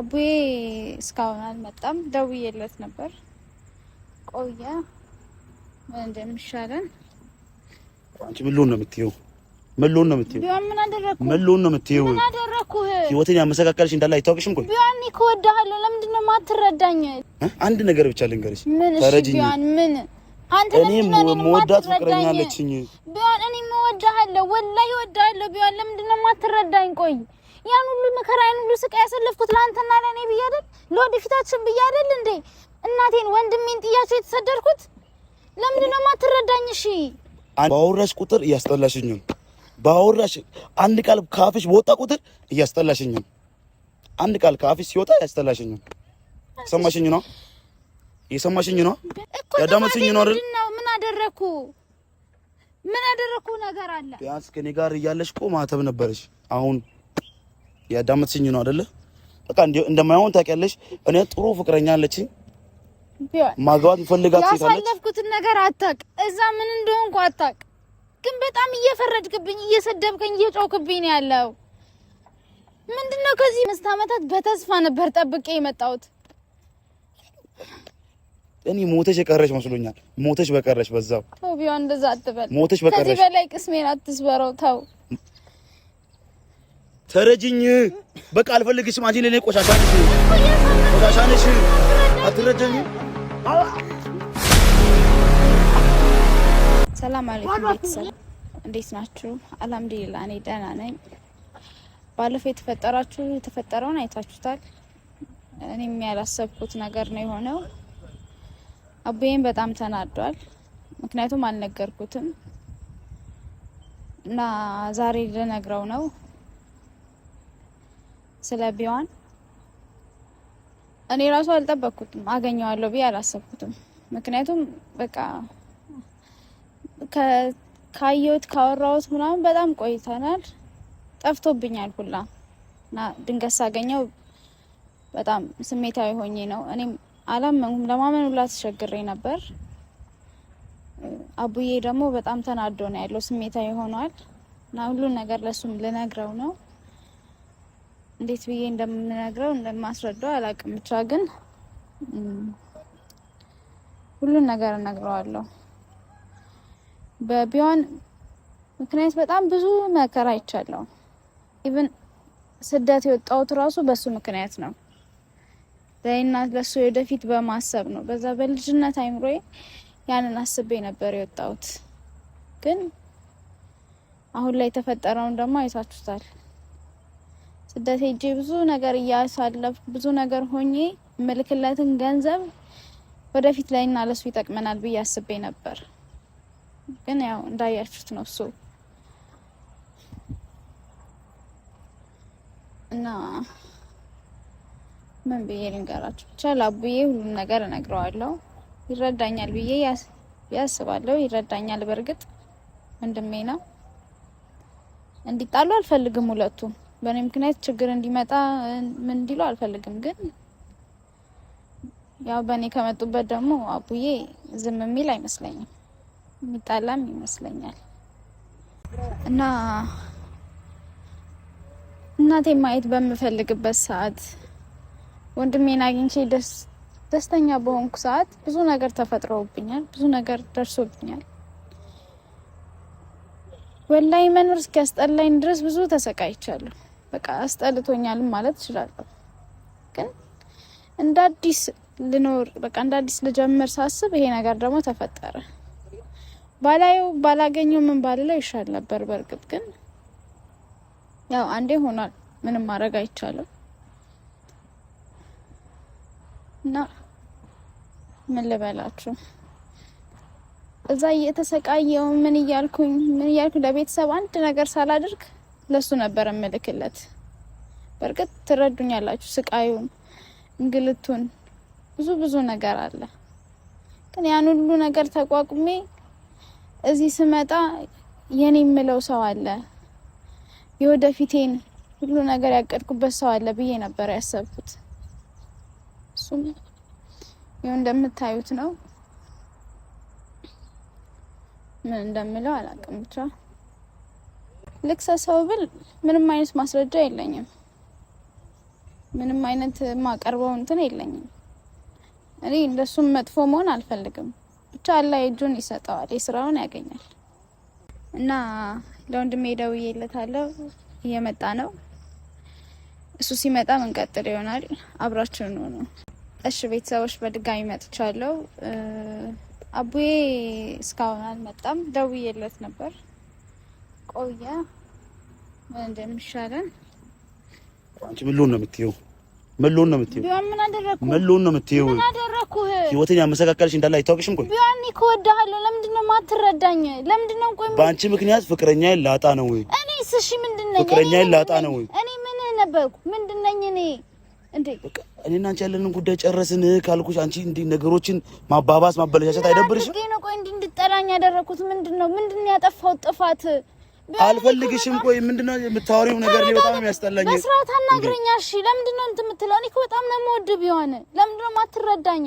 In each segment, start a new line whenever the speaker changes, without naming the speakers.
አቡዬ እስካሁን አልመጣም። ደውዬለት ነበር ቆየ። ምን እንደሚሻለን
አንቺ ምሎን ነው የምትይው? ምሎን ነው የምትይው?
ቢሆን ምን አደረኩ?
ምሎን ነው የምትይው?
ምን አደረኩህ?
ህይወትን ያመሰቃቀልሽ እንዳለ አይታወቅሽም። ቆይ
ቢሆን ከወደሃለሁ ለምንድን ነው የማትረዳኝ?
አንድ ነገር ብቻ ልንገርሽ።
ምን ተረጅኝ ምን
አንተ ለምን ነው የምወዳት ፍቅረኛ አለችኝ?
ቢሆን እኔ እወድሃለሁ፣ ወላሂ እወድሃለሁ። ቢሆን ለምንድን ነው የማትረዳኝ? ቆይ ያን ሁሉ መከራ ያን ሁሉ ስቃይ ያሰለፍኩት ለአንተና ለእኔ ብዬ አይደል? ለወደፊታችን ብዬ አይደል እንዴ እናቴን ወንድሜን ጥያቸው የተሰደድኩት? ለምንድን ነው ማትረዳኝ? እሺ
ባወራሽ ቁጥር እያስጠላሽኝ ነው። ባወራሽ አንድ ቃል ከአፍሽ በወጣ ቁጥር እያስጠላሽኝ ነው። አንድ ቃል ከአፍሽ ሲወጣ እያስጠላሽኝ ነው። ሰማሽኝ ነው? የሰማሽኝ ነው?
ያዳመጥሽኝ ነው አይደል? ምን አደረኩ? ምን አደረኩ ነገር አለ?
ቢያንስ ከኔ ጋር እያለሽ እኮ ማተብ ነበረሽ አሁን ያዳመጥሽኝ ነው አይደለ? በቃ እንደማይሆን ታውቂያለሽ። እኔ ጥሩ ፍቅረኛ አለችኝ፣ ማግባት ፈልጋት ሴት አለች።
ያሳለፍኩትን ነገር አታውቅ፣ እዛ ምን እንደሆንኩ አታውቅ። ግን በጣም እየፈረድክብኝ፣ እየሰደብከኝ፣ እየጮክብኝ ነው ያለው። ምንድነው? ከዚህ አምስት ዓመታት በተስፋ ነበር ጠብቄ የመጣሁት።
እኔ ሞተሽ የቀረሽ መስሎኛል። ሞተሽ በቀረሽ በዛው።
ተው ቢሆን እንደዛ አትበል። ሞተሽ በቀረሽ ከዚህ በላይ ቅስሜን አትስበረው። ተው
ተረጅኝ። በቃ አልፈልግሽም። አንቺ ለኔ ቆሻሻ ነሽ፣ ቆሻሻ ነሽ። አትረጀኝ።
ሰላም አለይኩም ቤተሰብ፣ እንዴት ናችሁ? አልሐምዱሊላህ እኔ ደህና ነኝ። ባለፈው የተፈጠራችሁ የተፈጠረውን አይታችሁታል። እኔም ያላሰብኩት ነገር ነው የሆነው። አቡዬም በጣም ተናዷል፣ ምክንያቱም አልነገርኩትም እና ዛሬ ልነግረው ነው ስለ ቢዋን እኔ ራሱ አልጠበቅኩትም። አገኘዋለሁ ብዬ አላሰብኩትም። ምክንያቱም በቃ ካየሁት ካወራሁት ምናምን በጣም ቆይተናል። ጠፍቶብኛል ሁላ እና ድንገት ሳገኘው በጣም ስሜታዊ ሆኜ ነው። እኔም አላመንኩም። ለማመን ሁላ ተቸግሬ ነበር። አቡዬ ደግሞ በጣም ተናዶ ነው ያለው፣ ስሜታዊ ሆኗል እና ሁሉን ነገር ለሱም ልነግረው ነው እንዴት ብዬ እንደምነግረው እንደማስረዳው አላውቅም። ብቻ ግን ሁሉን ነገር እነግረዋለሁ። በቢሆን ምክንያት በጣም ብዙ መከራ አይቻለሁ። ኢቭን ስደት የወጣሁት ራሱ በሱ ምክንያት ነው። ለእና ለሱ ወደፊት በማሰብ ነው። በዛ በልጅነት አይምሮዬ ያንን አስቤ ነበር የወጣሁት። ግን አሁን ላይ የተፈጠረውን ደግሞ አይታችሁታል። ስደት ሄጄ ብዙ ነገር እያሳለፍ ብዙ ነገር ሆኜ ምልክለትን ገንዘብ ወደፊት ላይ እና ለሱ ይጠቅመናል ብዬ አስቤ ነበር። ግን ያው እንዳያችሁት ነው እሱ እና ምን ብዬ ልንገራችሁ? ብቻ ለአቡዬ ሁሉም ነገር እነግረዋለሁ። ይረዳኛል ብዬ ያስባለሁ። ይረዳኛል። በእርግጥ ወንድሜ ነው። እንዲጣሉ አልፈልግም ሁለቱም በእኔ ምክንያት ችግር እንዲመጣ ምን እንዲሉ አልፈልግም። ግን ያው በእኔ ከመጡበት ደግሞ አቡዬ ዝም የሚል አይመስለኝም፣ የሚጣላም ይመስለኛል። እና እናቴ ማየት በምፈልግበት ሰዓት ወንድሜን አግኝቼ ደስተኛ በሆንኩ ሰዓት ብዙ ነገር ተፈጥሮብኛል፣ ብዙ ነገር ደርሶብኛል። ወላይ መኖር እስኪያስጠላኝ ድረስ ብዙ ተሰቃይቻለሁ። በቃ አስጠልቶኛልም ማለት እችላለሁ። ግን እንደ አዲስ ልኖር በቃ እንደ አዲስ ልጀምር ሳስብ ይሄ ነገር ደግሞ ተፈጠረ። ባላየው ባላገኘው ምን ባልለው ይሻል ነበር። በእርግጥ ግን ያው አንዴ ሆኗል፣ ምንም ማድረግ አይቻልም። እና ምን ልበላችሁ እዛ እየተሰቃየው ምን እያልኩኝ ምን እያልኩኝ ለቤተሰብ አንድ ነገር ሳላደርግ ለሱ ነበር እምልክለት። በእርግጥ ትረዱኛላችሁ። ስቃዩን፣ እንግልቱን ብዙ ብዙ ነገር አለ። ግን ያን ሁሉ ነገር ተቋቁሜ እዚህ ስመጣ የኔ የምለው ሰው አለ፣ የወደፊቴን ሁሉ ነገር ያቀድኩበት ሰው አለ ብዬ ነበር ያሰብኩት። እሱም ይኸው እንደምታዩት ነው። ምን እንደምለው አላውቅም። ብቻ ልክሰ ሰው ብል ምንም አይነት ማስረጃ የለኝም። ምንም አይነት ማቀርበው እንትን የለኝም። እኔ እንደሱም መጥፎ መሆን አልፈልግም። ብቻ አላ እጁን ይሰጠዋል፣ የስራውን ያገኛል። እና ለወንድሜ ደውዬለታለሁ፣ እየመጣ ነው። እሱ ሲመጣ መንቀጥል ይሆናል። አብራችን ሆኑ። እሺ ቤተሰቦች፣ በድጋሚ መጥቻለሁ። አቡዬ እስካሁን አልመጣም። ደውዬለት ነበር፣ ቆየ ምን እንደሚሻለን
አንቺ ምን ልሆን ነው የምትይው? ምን ልሆን ነው የምትይው? ምን አደረኩ? ምን ልሆን ነው የምትይው?
ምን አደረኩ?
ህይወቴን ያመሰቃቀልሽ እንዳለ አይታወቅሽም። ቆይ
ቢሆን እኮ እወድሃለሁ። ለምንድን ነው የማትረዳኝ? ለምንድን ነው ቆይ
በአንቺ ምክንያት ፍቅረኛ ላጣ ነው ወይ?
እኔ ስሺ ምንድን ነኝ?
ፍቅረኛ ላጣ ነው ወይ?
እኔ ምን ነበርኩ? ምንድን ነኝ እኔ? እንዴ
እኔና አንቺ ያለንን ጉዳይ ጨረስን ካልኩሽ አንቺ እንዲህ ነገሮችን ማባባስ ማበለሻሸት አይደብርሽም?
እንዴ ነው ቆይ እንዲህ እንድጠላኝ ያደረኩት ምንድን ነው? ምንድን ነው ያጠፋሁት ጥፋት?
አልፈልግሽም። ቆይ ምንድነው የምታወሪው ነገር? እኔ በጣም የሚያስጠላኝ
በስርዓት አናግረኛ። እሺ፣ ለምንድን ነው እንትን የምትለው? እኔ እኮ በጣም ነው የምወድህ። ቢሆን ለምንድን ነው የማትረዳኝ?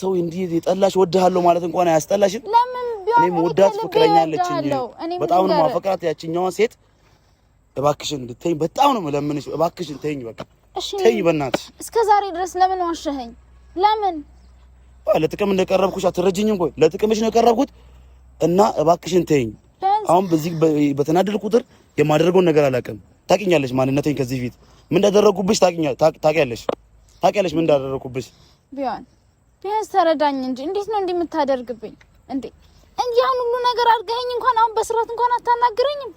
ሰው እንዲህ የጠላሽ ወድሃለሁ ማለት እንኳን አያስጠላሽም?
ለምን ቢሆን
እኔ ወዳት ፍቅረኛለች አለችኝ። በጣም ነው ማፈቅራት ያችኛዋን ሴት። እባክሽን እንድትይኝ በጣም ነው ለምንሽ። እባክሽን ተይኝ፣ በቃ ተይ፣ በእናትሽ።
እስከ ዛሬ ድረስ ለምን ዋሸኸኝ? ለምን
ለጥቅም እንደቀረብኩሽ አትረጅኝም? ቆይ ለጥቅምሽ ነው የቀረብኩት እና እባክሽን ተይኝ። አሁን በዚህ በተናደድ ቁጥር የማደርገውን ነገር አላውቅም። ታውቂኛለሽ፣ ማንነቴን ከዚህ ፊት ምን እንዳደረጉብሽ ታውቂያለሽ። ታውቂያለሽ ምን እንዳደረጉብሽ።
ቢሆን ቢያንስ ተረዳኝ እንጂ እንዴት ነው እንዲህ እንዴ? እንዴ? ያን ሁሉ ነገር አድርገኸኝ እንኳን አሁን በስርዓት እንኳን አታናግረኝም።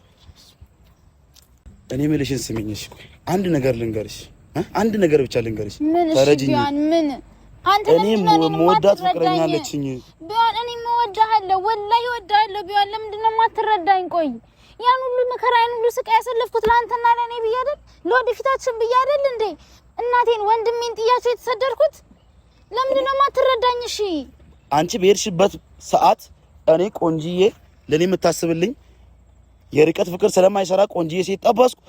እኔ የምልሽን ስሚኝሽ፣ አንድ ነገር ልንገርሽ፣ አንድ ነገር ብቻ ልንገርሽ።
ምን ምን
አንተ ለምን ነው የምወዳት ፍቅረኛ አለችኝ
ቢሆን እወድሃለሁ፣ ወላሂ እወድሃለሁ ቢሆን ለምንድን ነው የማትረዳኝ? ቆይ ያን ሁሉ መከራ ያን ሁሉ ስቃይ ያሰለፍኩት ለአንተና ለእኔ ብዬ አይደል? ለወደፊታችን ብዬ አይደል እንዴ እናቴን ወንድሜን ጥያቸው የተሰደድኩት? ለምንድን ነው የማትረዳኝ? እሺ
አንቺ በሄድሽበት ሰዓት እኔ ቆንጅዬ ለእኔ የምታስብልኝ የርቀት ፍቅር ስለማይሰራ ቆንጅዬ ሴት ጠበስኩ፣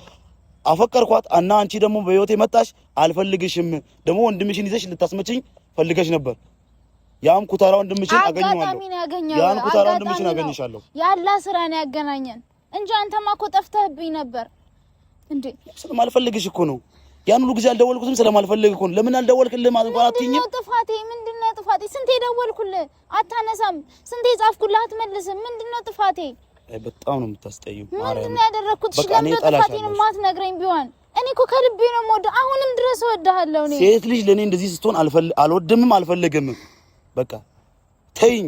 አፈቀርኳት እና አንቺ ደግሞ በህይወቴ መጣሽ። አልፈልግሽም ደግሞ ወንድምሽን ይዘሽ ልታስመችኝ ፈልገሽ ነበር። ያም ኩታራ ወንድምሽን አገኘዋለሁ። ያን ኩታራ ወንድምሽን አገኘሻለሁ።
ያላ ስራ ነው ያገናኘን እንጂ አንተማ እኮ ጠፍተህብኝ ነበር እንዴ።
ስለማልፈልግሽ እኮ ነው ያን ሁሉ ጊዜ አልደወልኩትም። ስለማልፈልግ እኮ ነው። ለምን አልደወልክልህ ማለት እንኳን አትይኝም።
ጥፋቴ ምንድነው? ጥፋቴ ስንቴ ደወልኩልህ አታነሳም። ስንቴ ጻፍኩልህ አትመልስም። ምንድነው ጥፋቴ?
አይ በጣም ነው የምታስጠይው።
ምንድነው ያደረኩት? ለምን ጥፋቴን ማትነግረኝ ቢሆን እኔ እኮ ከልቤ ነው የምወደው። አሁንም ድረስ እወድሃለሁ።
እኔ ሴት ልጅ ለእኔ እንደዚህ ስትሆን አልወድምም አልፈልግም። በቃ ተይኝ፣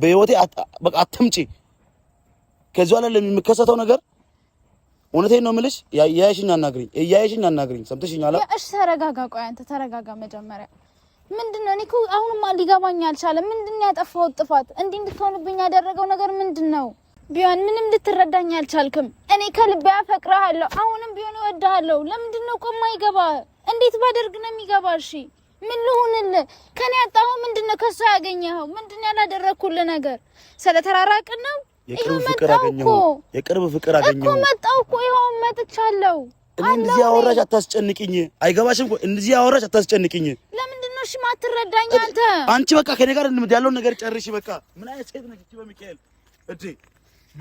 በህይወቴ በቃ አትምጪ። ከዚህ በኋላ ለሚከሰተው ነገር እውነቴን ነው የምልሽ። እያየሽኝ አናግሪኝ፣ እያየሽኝ አናግሪኝ። ሰምተሽኛል?
እሺ ተረጋጋ። ቆይ አንተ ተረጋጋ መጀመሪያ። ምንድን ነው እኔ እኮ አሁንማ ሊገባኝ አልቻለም። ምንድን ነው ያጠፋሁት ጥፋት? እንዲህ እንድትሆንብኝ ያደረገው ነገር ምንድን ነው? ቢሆን ምንም ልትረዳኝ አልቻልክም። እኔ ከልቤ አፈቅርሃለሁ። አሁንም ቢሆን እወድሃለሁ። ለምንድን ነው ቆማ ይገባ? እንዴት ባደርግ ነው የሚገባ? እሺ ምን ልሁንልህ? ከኔ ያጣሁ ምንድን ነው? ከእሱ ያገኘኸው ምንድን ነው? ያላደረግኩልህ ነገር ስለተራራቅን ነው።
ይኸው መጣሁ እኮ የቅርብ ፍቅር አገኘሁ እኮ
መጣሁ እኮ ይኸው መጥቻለሁ።
እንደዚህ አወራሽ አታስጨንቅኝ። አይገባሽም እኮ እንደዚህ አወራሽ አታስጨንቅኝ።
ለምንድን ነው እሺ የማትረዳኝ አንተ?
አንቺ በቃ ከኔ ጋር ያለውን ነገር ጨርሽ። በቃ ምን አይነት ሴት ነች በሚካኤል እዴ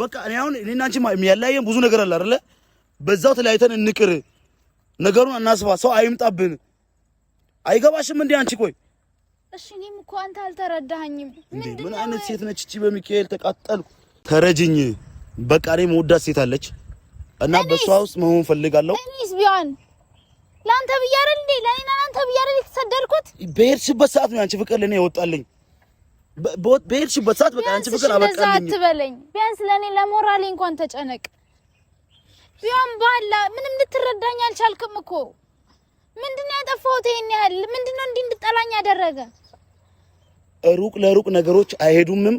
በቃ እኔ አሁን እኔና አንቺ የሚያለያየን ብዙ ነገር አለ አይደለ? በዛው ተለያይተን እንቅር። ነገሩን አናስፋ፣ ሰው አይምጣብን አይገባሽም እንዴ አንቺ? ቆይ
እሺ፣ እኔም እኮ አንተ አልተረዳኸኝም።
ምን አይነት ሴት ነች እቺ? በሚካኤል ተቃጠልኩ። ተረጅኝ። በቃ እኔ መወዳት ሴት አለች እና በሷ ውስጥ መሆን ፈልጋለሁ።
እኔስ ቢሆን ላንተ ብዬ አይደል እንዴ? ለኔና ላንተ ብዬ አይደል የተሰደድኩት?
በሄድሽበት ሰዓት ነው አንቺ ፍቅር ለኔ ያወጣልኝ። በሄድሽበት ሰዓት በቃ አንቺ ፍቅር
አበቃልኝ። አትበለኝ። ቢያንስ ለኔ ለሞራሌ እንኳን ተጨነቅ። ቢሆን ባላ ምንም ልትረዳኝ አልቻልክም እኮ ምንድነው ያጠፋሁት? ይሄን ያህል ምንድነው እንዲህ እንድጠላኝ ያደረገ?
ሩቅ ለሩቅ ነገሮች አይሄዱምም።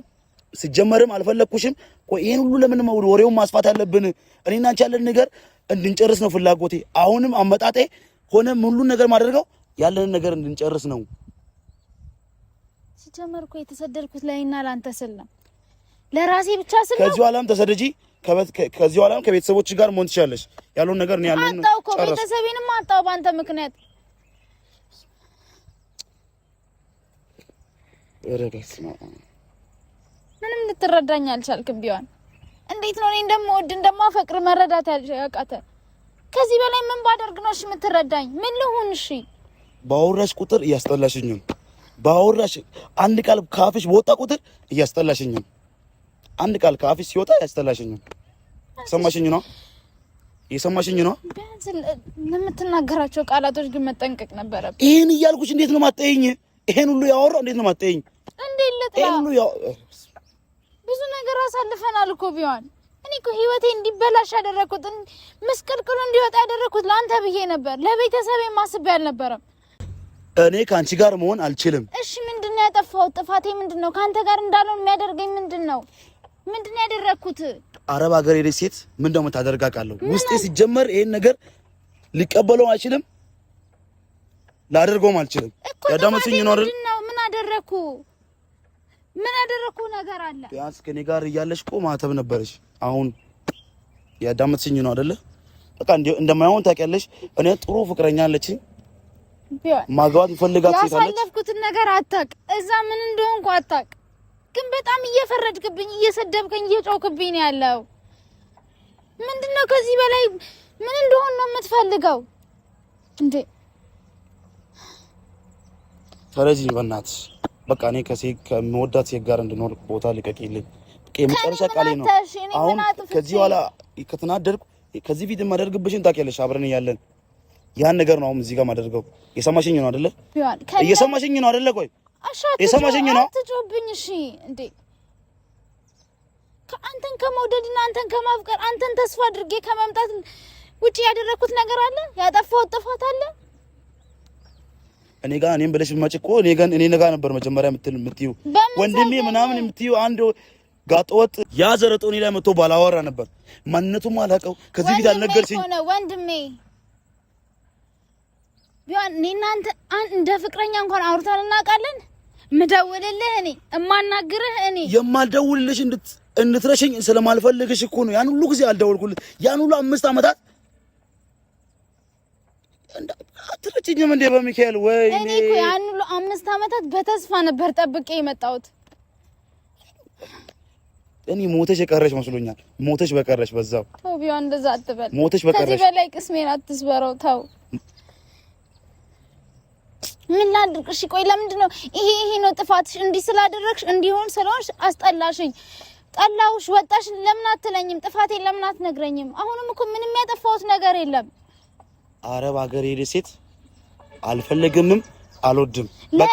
ሲጀመርም አልፈለግኩሽም። ቆይ ይሄን ሁሉ ለምን ወሬውን ማስፋት አለብን? እኔና አንቺ ያለን ነገር እንድንጨርስ ነው ፍላጎቴ። አሁንም አመጣጤ ሆነ ሁሉን ነገር ማደርገው ያለንን ነገር እንድንጨርስ ነው።
ሲጀመር እኮ የተሰደድኩት ለእኔና ለአንተ ስል ነው፣ ለራሴ ብቻ ስል ነው።
ከዚህ ኋላም ተሰደጂ ከዚህ በኋላም ከቤተሰቦች ጋር መሆን ትችላለች። ያለውን ነገር እኔ ያለውን
አጣው እኮ ቤተሰቤንም አጣው በአንተ ምክንያት። ምንም ልትረዳኝ አልቻልክም። ቢሆን እንዴት ነው እኔ እንደምወድ እንደማፈቅር መረዳት ያቃተ። ከዚህ በላይ ምን ባደርግ ነው እሺ የምትረዳኝ? ምን ልሁን? እሺ
ባወራሽ ቁጥር እያስጠላሽኝ፣ ባወራሽ አንድ ቃል ካፍሽ በወጣ ቁጥር እያስጠላሽኝ አንድ ቃል ከአፍሽ ሲወጣ ያስጠላሽኛል። ሰማሽኝ ነው የሰማሽኝ ነው።
ቢያንስ ለምትናገራቸው ቃላቶች ግን መጠንቀቅ ነበረብህ።
ይሄን እያልኩሽ እንዴት ነው ማጠይኝ? ይሄን ሁሉ ያወራ እንዴት ነው ማጠይኝ?
እንዴት ልጥላ? ብዙ ነገር አሳልፈናል እኮ ቢሆን እኔ እኮ ህይወቴ እንዲበላሽ ያደረኩት ምስቅልቅሉ እንዲወጣ ያደረኩት ለአንተ ብዬ ነበር። ለቤተሰብ ማስቤ አልነበረም።
እኔ ከአንቺ ጋር መሆን አልችልም።
እሺ ምንድን ነው ያጠፋሁት? ጥፋቴ ምንድን ነው? ከአንተ ጋር እንዳልሆን የሚያደርገኝ ምንድን ነው? ምንድን ነው ያደረግኩት?
አረብ ሀገር ሄደች ሴት ምን ደሞ ታደርጋቃለሁ። ውስጤ ሲጀመር ይሄን ነገር ሊቀበለው አይችልም፣ ላደርገውም አልችልም። ያዳመጥኝ ነው አይደል?
ምን አደረኩ? ምን አደረኩ ነገር አለ።
ቢያንስ ከኔ ጋር እያለሽ እኮ ማተብ ነበረሽ። አሁን ያዳመጥኝ ነው አይደል? በቃ እንደማይሆን ታውቂያለሽ። እኔ ጥሩ ፍቅረኛ አለችኝ ማግባት ይፈልጋት ሴት አለች።
ያሳለፍኩትን ነገር አታውቅ፣ እዛ ምን እንደሆንኩ አታውቅ ግን በጣም እየፈረድክብኝ፣ እየሰደብከኝ፣ እየጮክብኝ ነው ያለው። ምንድን ነው ከዚህ በላይ ምን እንደሆን ነው የምትፈልገው እንዴ?
ፈረጂ በእናትሽ በቃ እኔ ከሴት ከምወዳት ሴት ጋር እንድኖር ቦታ ልቀቂልኝ። በቃ የመጨረሻ
ቃሌ ነው። አሁን
ከዚህ በኋላ ከተናደርኩ ከዚህ ፊት የማደርግብሽን ታውቂያለሽ። አብረን እያለን ያን ነገር ነው አሁን እዚህ ጋር ማደርገው። እየሰማሽኝ ነው አይደለ? እየሰማሽኝ ነው አይደለ? ቆይ
የሰማሽኝ ነው። አትጮብኝ። እሺ እንዴ አንተን ከመውደድና አንተን ከማፍቀር አንተን ተስፋ አድርጌ ከመምጣት ውጪ ያደረኩት ነገር አለ? ያጠፋሁት ጥፋት አለ?
እኔ ጋር እኔም ብለሽ ብትመጪ እኮ እኔ ጋር እኔ ጋር ነበር መጀመሪያ የምትይው ወንድሜ ምናምን የምትይው አንድ ጋጠወጥ ያ ዘረጦ እኔ ላይ መጥቶ ባላወራ ነበር። ማንነቱም አላውቀው። ከዚህ ፊት አልነገርሽኝ
ወንድሜ ቢሆን እኔ እናንተ እንደ ፍቅረኛ እንኳን አውርተን እናውቃለን? ምደውልልህ እኔ እማናግርህ እኔ
የማልደውልልሽ እንድትረሽኝ ስለማልፈልግሽ እኮ ነው ያን ሁሉ ጊዜ አልደወልኩልህ። ያን ሁሉ አምስት ዓመታት አትረችኝም እንዴ በሚካኤል? ወይ
እኔ እኮ ያን ሁሉ አምስት ዓመታት በተስፋ ነበር ጠብቄ የመጣሁት።
እኔ ሞተሽ የቀረሽ መስሎኛል። ሞተሽ በቀረሽ በዛው
ተው። ቢሆን እንደዛ አትበል።
ሞተሽ በቀረሽ ከዚህ
በላይ ቅስሜን አትስበረው። ተው ምን ላድርግ? እሺ ቆይ ለምንድን ነው ይሄ ይሄ ነው ጥፋትሽ፣ እንዲህ ስላደረግሽ እንዲሆን ስለሆንሽ አስጠላሽኝ፣ ጠላውሽ፣ ወጣሽ ለምን አትለኝም? ጥፋቴን ለምን አትነግረኝም? አሁንም እኮ ምንም ያጠፋሁት ነገር የለም።
አረብ ሀገር ሄደ ሴት አልፈለግምም፣ አልወድም፣
በቃ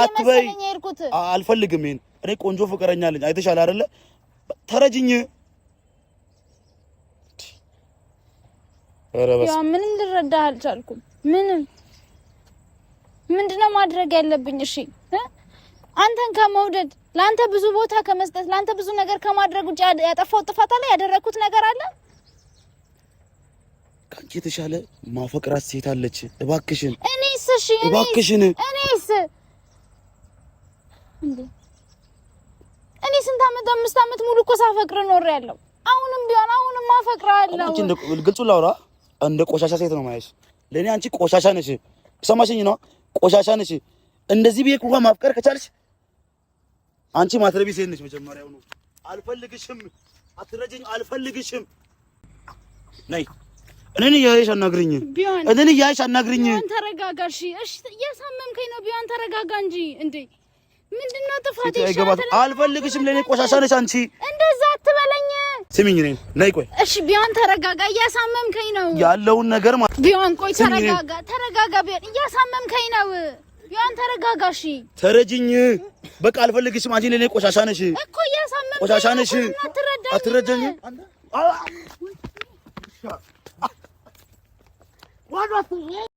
አትበይ፣
አልፈልግም። ይሄን እኔ ቆንጆ ፍቅረኛ አለኝ፣ አይተሻል አይደለ? ተረጅኝ
ምንም ልረዳህ አልቻልኩም ምንም ምንድነው ማድረግ ያለብኝ? እሺ አንተን ከመውደድ ለአንተ ብዙ ቦታ ከመስጠት ለአንተ ብዙ ነገር ከማድረግ ውጭ ያጠፋው ጥፋት አለ? ያደረግኩት ነገር አለ?
ከአንቺ የተሻለ ማፈቅራት ሴት አለች። እባክሽን እኔስ እሺ እባክሽን
እኔስ እኔ ስንት ዓመት አምስት ዓመት ሙሉ እኮ ሳፈቅር ኖር ያለው አሁንም ቢሆን አሁንም አፈቅራለሁ።
አንቺ እንደ ግልጹ ላውራ እንደ ቆሻሻ ሴት ነው ማየሽ። ለእኔ አንቺ ቆሻሻ ነሽ። ሰማሽኝ ነው ቆሻሻ ነሽ። እንደዚህ ቤት እንኳን ማፍቀር ከቻልሽ አንቺ ማትረቢ ሴት ነሽ። መጀመሪያው ነው አልፈልግሽም፣ አትረጂኝ፣ አልፈልግሽም። ነይ እኔን እያየሽ አናግሪኝ፣ እኔን እያየሽ አናግሪኝ።
ተረጋጋ። እሺ፣ እሺ፣ እያሳመምከኝ ነው። ቢሆን ተረጋጋ እንጂ እንዴ! ምንድነው ጥፋቴ?
አልፈልግሽም፣ ለኔ ቆሻሻ ነሽ አንቺ።
እንደዛ አትበለኝ።
ስሚኝ ነኝ ነይ ቆይ
እሺ ቢሆን ተረጋጋ እያሳመምከኝ ነው
ያለውን ነገር ማለት
ቢሆን ቆይ ተረጋጋ ተረጋጋ ቢሆን እያሳመምከኝ ነው ቢሆን ተረጋጋ እሺ
ተረጅኝ በቃ አልፈልግሽም አንቺ ለኔ ቆሻሻ ነሽ
እኮ እያሳመምከኝ
ቆሻሻ ነሽ አትረጀኝ አትረጀኝ